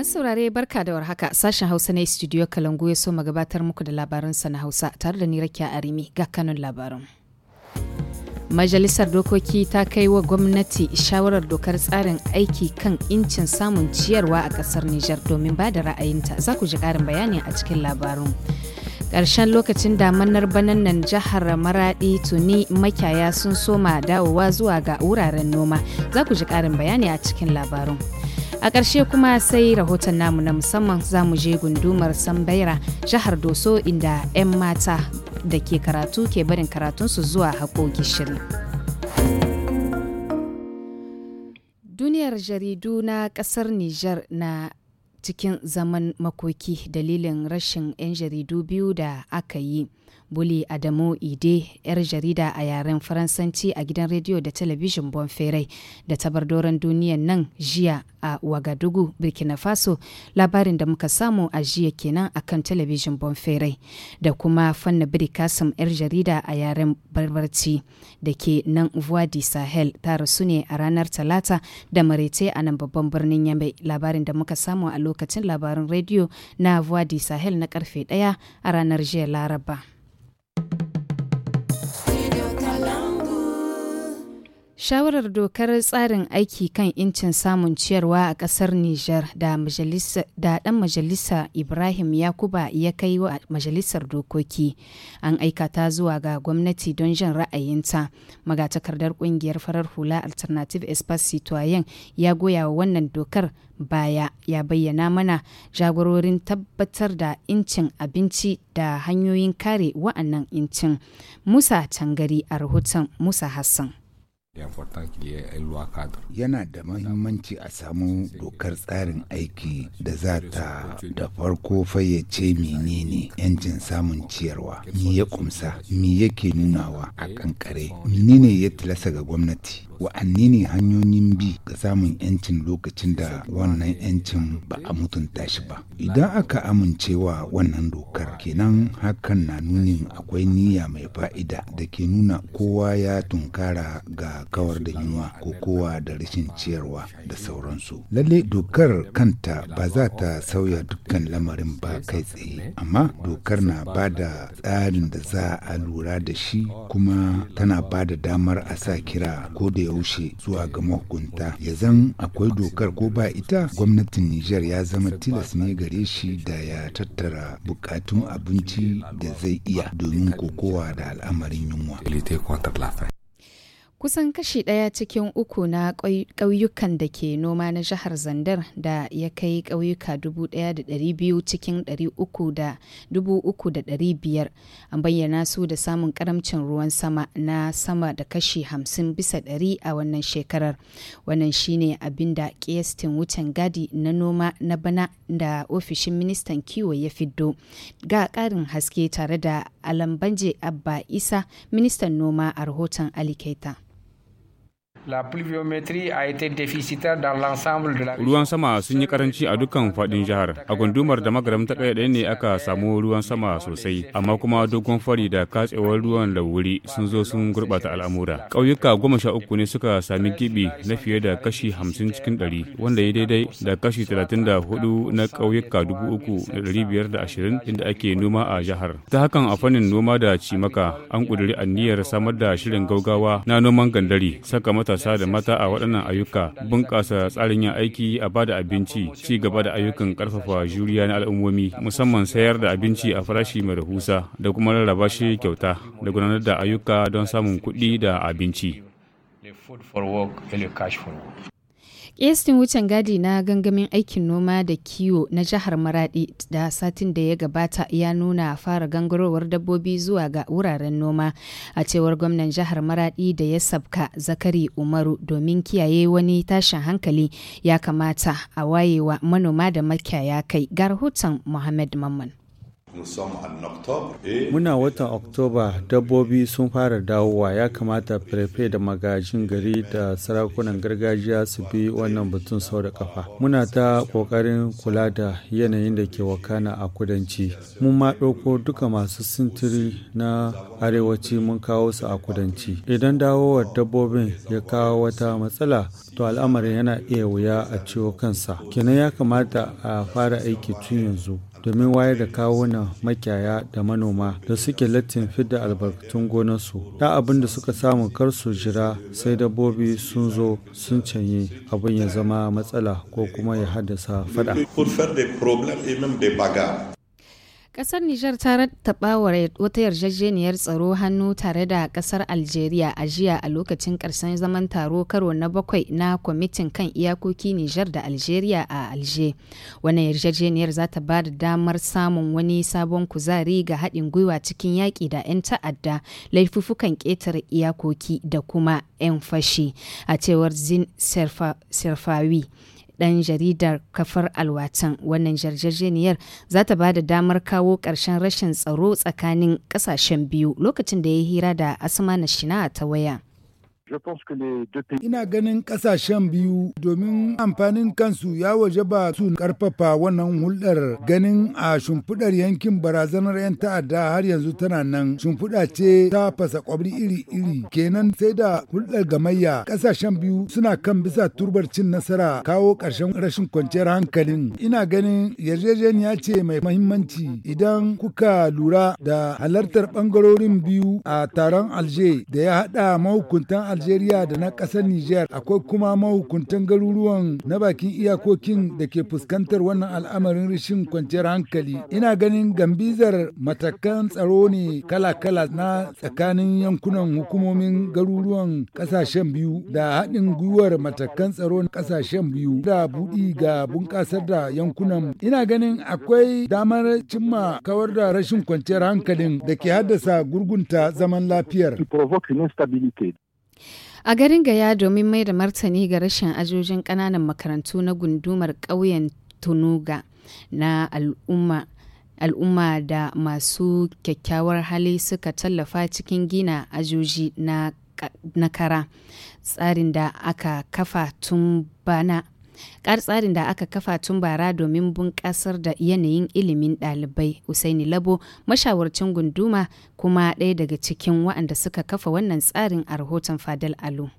Masu saurare barka da warhaka sashen Hausa na studio Kalangu ya so gabatar muku da sa na Hausa tare da ni Rakiya Arimi ga kanun labarun. Majalisar Dokoki ta kai wa gwamnati shawarar dokar tsarin aiki kan incin samun ciyarwa a kasar Nijar domin ba da ra'ayinta za ku ji ƙarin bayani a cikin labarun. Ƙarshen lokacin damanar nan jihar Maradi tuni Makyaya sun soma dawowa zuwa ga wuraren noma za ku ji ƙarin bayani a cikin labarun. a ƙarshe kuma sai rahoton namu na musamman za mu je gundumar sambaira jihar doso inda 'yan mata da ke karatu ke barin karatun su zuwa haƙo gishiri duniyar jaridu na ƙasar niger na cikin zaman makoki dalilin rashin 'yan jaridu biyu da aka yi. Buli Adamu Ide, 'yar jarida a yaren Faransanci a gidan rediyo da talabijin Bonferai da tabardoran duniyan nan jiya a Wagadugu, Burkina Faso, labarin da muka samu a jiya kenan a kan talabijin Bonferai da kuma fanna Kasim 'yar jarida a yaren Barbarci da ke nan Voix Sahel ta rasu ne a ranar Talata da Marete a nan babban birnin Yamai labarin da muka samu a lokacin labarin rediyo na vuadi Sahel na karfe ɗaya a ranar jiya Laraba. Shawarar dokar tsarin aiki kan incin samun ciyarwa a ƙasar Nijar da ɗan majalisa Ibrahim Yakuba ya kai wa majalisar dokoki an aikata zuwa ga gwamnati don jin ra'ayinta. Magatakardar ƙungiyar farar hula Alternative Espace ya goya wa wannan dokar baya ya bayyana mana jagororin tabbatar da incin abinci da hanyoyin kare wa'annan incin. Musa Tangari a rahoton Musa Hassan. Yana da mahimmanci a samu dokar tsarin aiki da za ta da farko fayyace menene 'yancin samun ciyarwa, me ya kumsa, me yake nunawa a kankare, menene ya tilasa ga gwamnati. wa'anni ne hanyoyin bi ga samun 'yancin lokacin da wannan 'yancin ba a mutunta shi ba idan aka amincewa wannan dokar kenan hakan na nunin akwai niyya mai fa'ida da ke nuna kowa ya tunkara ga kawar da yunwa ko kowa da rashin ciyarwa da sauransu lalle dokar kanta ba za ta sauya dukkan lamarin ba kai tsaye amma dokar na ba da tsarin da za a lura da shi kuma tana ba da damar a sa kira ko da yaushe zuwa ga mahukunta ya zan akwai dokar ko ba ita gwamnatin Nijar ya zama tilas ne gare shi da ya tattara bukatun abinci da zai iya domin kokowa da al'amarin yunwa. Kusan kashi ɗaya cikin uku na ƙauyukan da ke noma na jihar Zandar da ya kai ƙauyuka biyu cikin dubu uku da biyar an bayyana su da samun ƙaramcin ruwan sama na sama da kashi hamsin bisa ɗari a wannan shekarar. Wannan shine abin da ƙiyastin wucin gadi na noma na bana da ofishin ministan kiwo ya fiddo. Ga ƙarin haske tare da Alambanje Abba Isa ministan noma a rahoton Alikaita. Ruwan sama sun yi karanci a dukkan fadin jihar. A gundumar da magaram ta ɗaya ne aka samu ruwan sama sosai, amma kuma dogon fari da katsewar ruwan da wuri sun zo sun gurɓata al'amura. Ƙauyuka goma sha uku ne suka sami gibi na fiye da kashi hamsin cikin ɗari, wanda ya daidai da kashi talatin da hudu na ƙauyuka dubu inda ake noma a jihar. Ta hakan a fannin noma da cimaka an ƙudiri aniyar samar da shirin gaugawa na noman gandari, saka matasa matasa da mata a waɗannan ayyuka bunƙasa tsarin yin aiki a ba da abinci ci gaba da ayyukan ƙarfafa juriya na al'ummomi musamman sayar da abinci a farashi mai rahusa da kuma rarraba shi kyauta da gudanar da ayyuka don samun kuɗi da abinci. estin wucin gadi na gangamin aikin noma da kiwo na jihar maradi da satin da ya gabata ya nuna fara gangarowar dabbobi zuwa ga wuraren noma a cewar gwamnan jihar maradi da ya sabka zakari umaru domin kiyaye wani tashin hankali ya kamata a wayewa manoma da makiyaya kai ga rahoton muhammad mamman Muna watan Oktoba dabbobi sun fara dawowa ya kamata firfe da magajin gari da sarakunan gargajiya su bi wannan batun sau da kafa. Muna ta kokarin kula da yanayin da ke wakana a kudanci. Mun ma ɗauko duka masu sintiri na arewaci mun kawo su a kudanci. Idan dawowar dabbobin ya kawo wata matsala to al'amarin yana iya wuya a ciwo kansa. Kenan ya kamata a fara aiki tun yanzu domin wayar da kawo na ƙananan makiyaya da manoma da suke latin fidda albarkatun gonarsu da abin da suka samu kar su jira sai dabbobi sun zo sun canye abin ya zama matsala ko kuma ya haddasa fada kasar Nijar ta rattaba wata yarjejeniyar tsaro hannu tare da ƙasar Algeria a jiya a lokacin ƙarshen zaman taro karo na bakwai na kwamitin kan iyakoki Nijar da Algeria a Alje. Wannan yarjejeniyar za ta ba da damar samun wani sabon kuzari ga haɗin gwiwa cikin yaƙi da 'yan ta'adda, laifufukan ƙetare iyakoki da kuma 'yan fashi, a cewar Zin Serfawi. ɗan jaridar kafar alwatan wannan yarjejeniyar za ta ba da damar kawo ƙarshen rashin tsaro tsakanin ƙasashen biyu lokacin da ya hira da asma na shina ta waya. Ina ganin ƙasashen biyu domin amfanin kansu ya waje ba su ƙarfafa wannan hulɗar ganin a shimfiɗar yankin barazanar 'yan ta'adda har yanzu tana nan shimfiɗa ce ta fasa kwabri iri-iri kenan sai da hulɗar gamayya ƙasashen biyu suna kan bisa turbar cin nasara kawo ƙarshen rashin kwanciyar hankalin. Ina ganin yarjejeniya ce mai mahimmanci idan kuka lura da halartar ɓangarorin biyu a taron Alje da ya haɗa mahukuntan Najeriya da na ƙasar Nijar akwai kuma mahukuntan garuruwan na bakin iyakokin da ke fuskantar wannan al'amarin rashin kwanciyar hankali. Ina ganin gambizar matakan tsaro ne kala-kala na tsakanin yankunan hukumomin garuruwan kasashen biyu da haɗin gwiwar matakan tsaro na ƙasashen biyu da buɗi ga bunƙasar da yankunan. Ina ganin akwai damar cimma kawar da rashin kwanciyar hankalin da ke haddasa gurgunta zaman lafiyar. A garin Gaya domin mai da martani ga rashin ajojin ƙananan makarantu na gundumar ƙauyen Tunuga na al'umma. al'umma da masu kyakkyawar hali suka tallafa cikin gina ajoji na na kara tsarin da aka kafa tun bana Ƙar tsarin da aka kafa tun bara domin bunƙasar da yanayin ilimin ɗalibai Usaini Labo mashawarcin gunduma kuma ɗaya daga cikin waɗanda suka kafa wannan tsarin a rahoton Fadal Alu.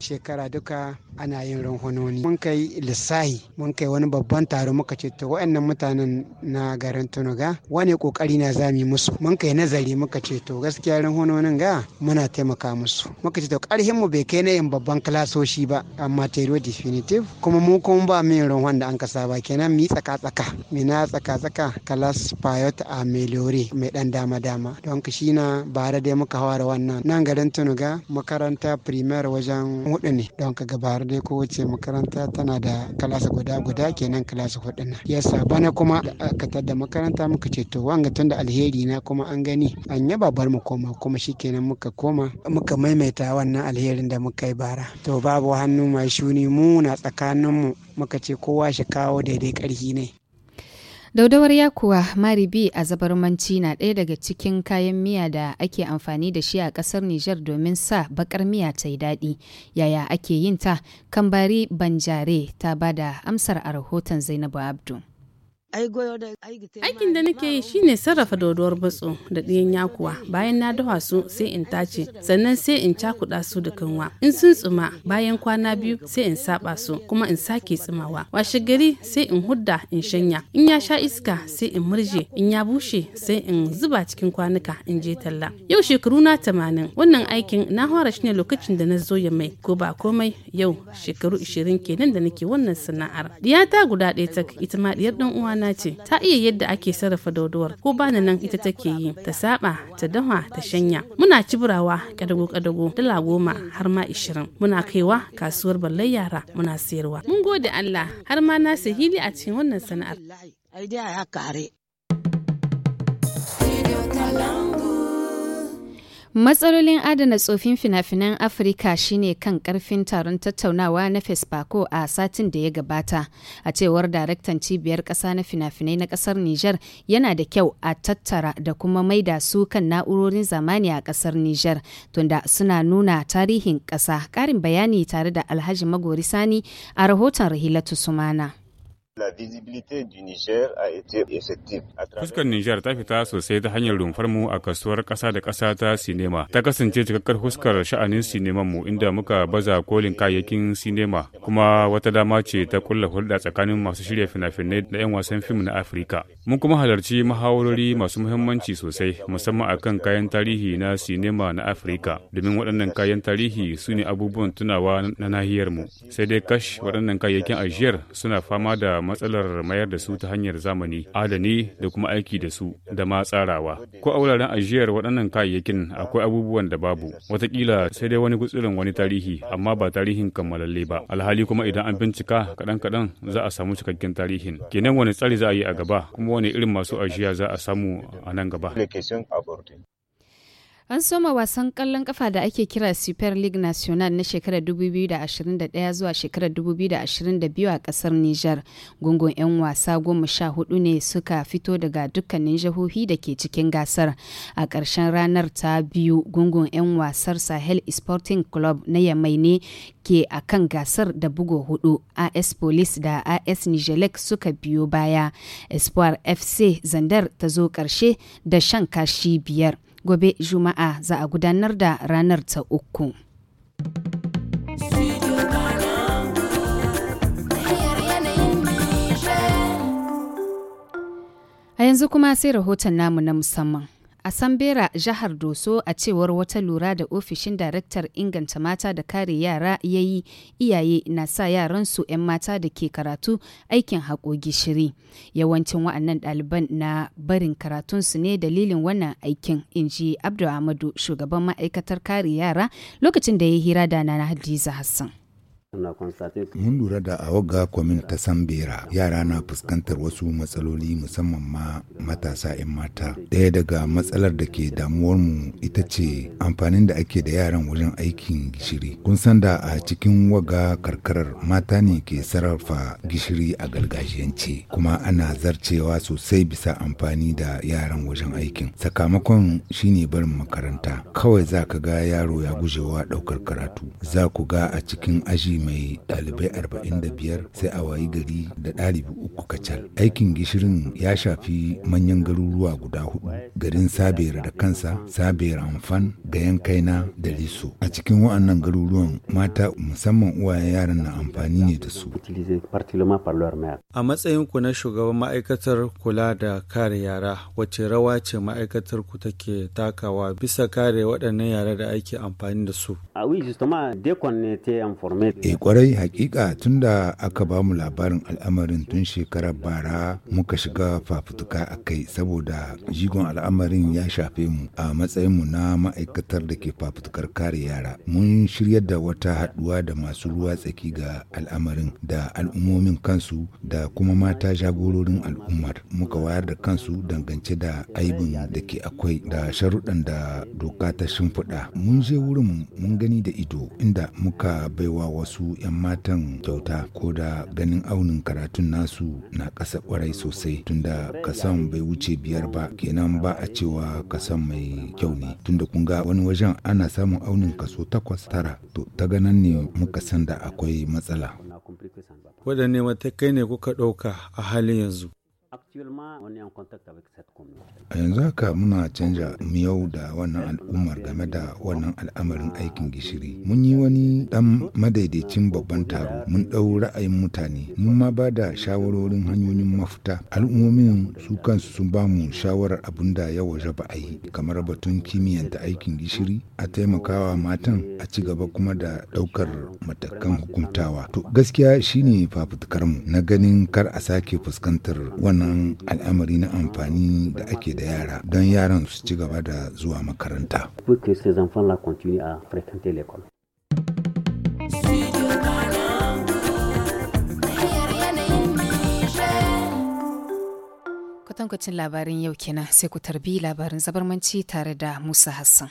shekara duka ana yin ranhononi mun kai lissahi mun kai wani babban taro muka ce to waɗannan mutanen na garin tunuga wani kokari na zami musu mun kai nazari muka ce to gaskiya ranhononin ga muna taimaka musu muka ce to karhin mu bai kai na yin babban klasoshi ba amma tero definitive kuma mu kuma ba mu yin ranhon da an ka saba kenan mi tsaka tsaka mi na tsaka tsaka class payot a melore mai dan dama dama don ka shi na bare dai muka fara wannan nan garin tunuga makaranta primaire wajen hudu ne don ka gabar dai kowace makaranta tana da kalasa guda guda kenan kalasa hudu na ya yasa bana kuma aka tada makaranta muka ce to wanga tunda alheri na kuma an gani an yaba bar mu koma kuma shikenan muka koma muka maimaita wannan alherin da muka yi bara to babu hannu mai shuni mu na tsakaninmu muka ce kowa shi kawo daidai karhi ne daudawar kuwa maribi a zabarmanci na ɗaya daga cikin kayan miya da ake amfani da shi a ƙasar Nijar domin sa bakar miya ta yi daɗi. Yaya ake yin ta? Kambari Banjare ta bada amsar a rahoton Zainabu Abdu. Aikin da nake yi shine sarrafa doduwar batso da ɗiyan yakuwa bayan na dafa su sai in tace sannan sai in cakuɗa su da kanwa in sun tsuma bayan kwana biyu sai in saba su kuma in sake tsumawa washe gari sai in hudda in shanya in ya sha iska sai in murje in ya bushe sai in zuba cikin kwanuka in je talla yau shekaru na tamanin wannan aikin na fara shi ne lokacin da na zo ya mai ko ba komai yau shekaru ishirin kenan da nake wannan sana'ar diyata guda ɗaya ta ita ma ɗiyar ɗan uwa na ce ta iya yadda ake sarrafa dodowar ko bana nan ita take yi ta saba ta dawa ta shanya muna cibirawa kadago kadago dala goma har ma ishirin muna kaiwa kasuwar ballar yara muna sayarwa mun gode Allah har ma na sahili a cikin wannan sana'ar ai dai Matsalolin adana tsofin fina-finan Afirka shine kan karfin taron tattaunawa na Fesbako a satin da ya gabata. A cewar daraktan cibiyar ƙasa na fina-finai na ƙasar Niger yana da kyau a tattara da kuma maida su kan na'urorin zamani a ƙasar Niger, tunda suna nuna tarihin ƙasa. Ƙarin bayani tare da Alhaji Magori Sani a rahoton Rahilatu Sumana. a Fuskar Nijar ta fita sosai ta hanyar rumfar mu a kasuwar ƙasa da ƙasa ta sinema. Ta kasance cikakkar fuskar sha'anin sinema mu inda muka baza kolin kayayyakin sinema kuma wata dama ce ta kulla hulɗa tsakanin masu shirya fina-finai da 'yan wasan fim na Afirka. Mun kuma halarci mahawarori masu muhimmanci sosai musamman akan kayan tarihi na sinema na Afirka domin waɗannan kayan tarihi su ne abubuwan tunawa na nahiyar mu. Sai dai kash waɗannan kayayyakin ajiyar suna fama da matsalar mayar da su ta hanyar zamani adani da kuma aiki da su da ma tsarawa ko a wuraren ajiyar waɗannan kayayyakin akwai abubuwan da babu watakila sai dai wani gutsirin wani tarihi amma ba tarihin kammalalle ba alhali kuma idan an bincika kaɗan kaɗan za a samu cikakken tarihin kenan wani tsari za a yi a gaba kuma wani irin masu ajiya za a samu a nan gaba An soma wasan kallon ƙafa da ake kira Super League National na shekarar 2021 zuwa shekarar 2022 a ƙasar Nijar. Gungun 'yan wasa goma sha hudu ne suka fito daga dukkanin jihohi da ke cikin gasar. A ƙarshen ranar ta biyu gungun 'yan wasar Sahel Sporting Club na Yamai ne ke a kan gasar da bugu hudu. AS Police da AS Nijalek suka biyo baya. Espoir FC Zandar ta zo ƙarshe da shan kashi biyar. gobe Juma'a za a gudanar da ranar ta uku. A yanzu kuma sai rahoton namu na musamman. A Sambera jihar Doso a cewar wata lura da ofishin daraktar inganta mata da kare yara ya yi iyaye na sa yaran su 'yan mata da ke karatu aikin haƙo gishiri. Yawancin wa'annan ɗaliban na barin karatunsu ne dalilin wannan aikin, in ji Abdu shugaban ma'aikatar kare yara lokacin da ya hira da na Hadiza Hassan. Mun lura da a wagga kwamin ta Sambera yara na fuskantar wasu matsaloli musamman ma matasa 'yan mata. Ɗaya daga matsalar da ke damuwarmu ita ce amfanin da ake da yaran wajen aikin gishiri. Kun san da a cikin waga karkarar mata ne ke sarrafa gishiri a gargajiyance kuma ana zarcewa sosai bisa amfani da yaran wajen aikin. Sakamakon shine barin makaranta. Kawai za ka ga yaro ya gujewa ɗaukar karatu. Za ku ga a cikin aji mai ɗalibai biyar, sai a wayi gari da ɗalibi uku kacal. Aikin gishirin ya shafi manyan garuruwa guda hudu garin Sabera da kansa, Sabera Amfan, Gayan Kaina da Liso. A cikin wa'annan garuruwan mata musamman uwa yaran na amfani ne da su. A matsayin ku na shugaban ma'aikatar kula da kare yara wace rawa ce ma'aikatar ku take takawa bisa kare waɗannan yara da ake amfani da su. Ah Eh kwarai hakika tunda aka ba mu labarin al'amarin tun shekarar bara muka shiga fafutuka a kai saboda jigon al'amarin ya shafe mu a matsayin mu na ma'aikatar da ke fafutukar kare yara. Mun shiryar da wata haɗuwa da masu ruwa tsaki ga al'amarin da al'ummomin kansu da kuma mata jagororin al'ummar muka wayar da kansu dangance da aibin da ke akwai da sharuɗan da doka ta shimfiɗa. Mun je wurin mun gani da ido inda muka baiwa wasu su 'yan matan kyauta ko da ganin aunin karatun nasu na ƙasa kwarai sosai tunda kasan bai wuce biyar ba kenan ba a cewa kasan mai kyau ne tunda kun ga wani wajen ana samun aunin kaso takwas tara to ta ganan ne muka san da akwai matsala waɗanne matakai ne kuka ɗauka a halin yanzu A yanzu haka muna canja miyau da wannan al'ummar game da wannan al'amarin aikin gishiri. Mun yi wani ɗan madaidaicin babban taro, mun ɗau ra'ayin mutane, mun ma ba da shawarorin hanyoyin mafita. Al'ummomin su kansu sun ba mu shawarar abin da ya waje ba a yi, kamar batun kimiyyar da aikin gishiri, a taimakawa matan a ci gaba kuma da ɗaukar matakan hukuntawa. To gaskiya shine mu na ganin kar a sake fuskantar wannan wannan al'amari na amfani da ake da yara don yaran su ci gaba da zuwa makaranta. kwatankwacin labarin yau kenan sai ku tarbi labarin zabarmanci tare da Musa Hassan.